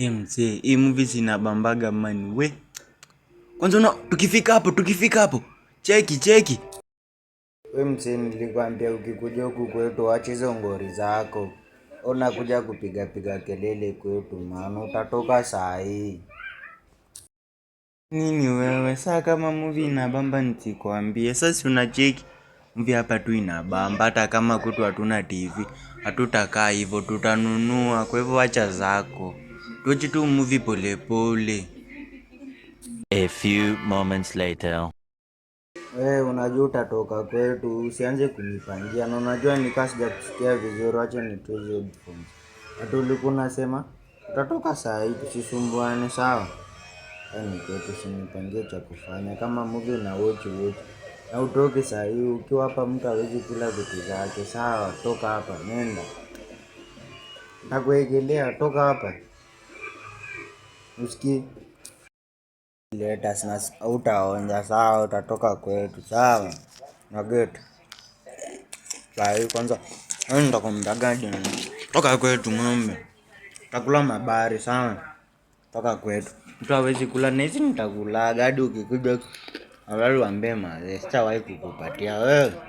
Eh, mzee, hii eh, movie zinabambaga man we. Kwanza una tukifika hapo, tukifika hapo. Cheki, cheki. We mzee, nilikwambia ukikuja huku kwetu wache hizo ngori zako. kuja kupiga piga kelele kwetu, maana utatoka saa hii. Nini wewe, saa kama movie inabamba nitikwambie. Sasa unacheki mvi hapa tu inabamba, hata kama kutu hatuna TV, hatutakaa hivyo, tutanunua. Kwa hivyo wacha zako. Watch tu movie pole pole. A few moments later. Wewe unajua utatoka kwetu, usianze kunipangia na unajua nikaa sijakusikia vizuri, wacha nituze headphones. Hata ulikuwa unasema utatoka saa hii tusisumbuane, sawa? Yaani kwetu usinipangie cha kufanya, kama movie na watch watch na utoke saa hii. Ukiwa hapa mtu hawezi kula vitu zake, sawa? Toka hapa, nenda, takuegelea, toka hapa. Usikie, leta utaonja. Sawa, utatoka kwetu. Sawa naget sai. Kwanza nitakumbagaje? Toka kwetu ng'ombe, takula mabari sawa Toka kwetu, mtu hawezi kula na nitakula nitakulaga hadi ukikuja, awali wambe mazee, sitawahi kukupatia wewe.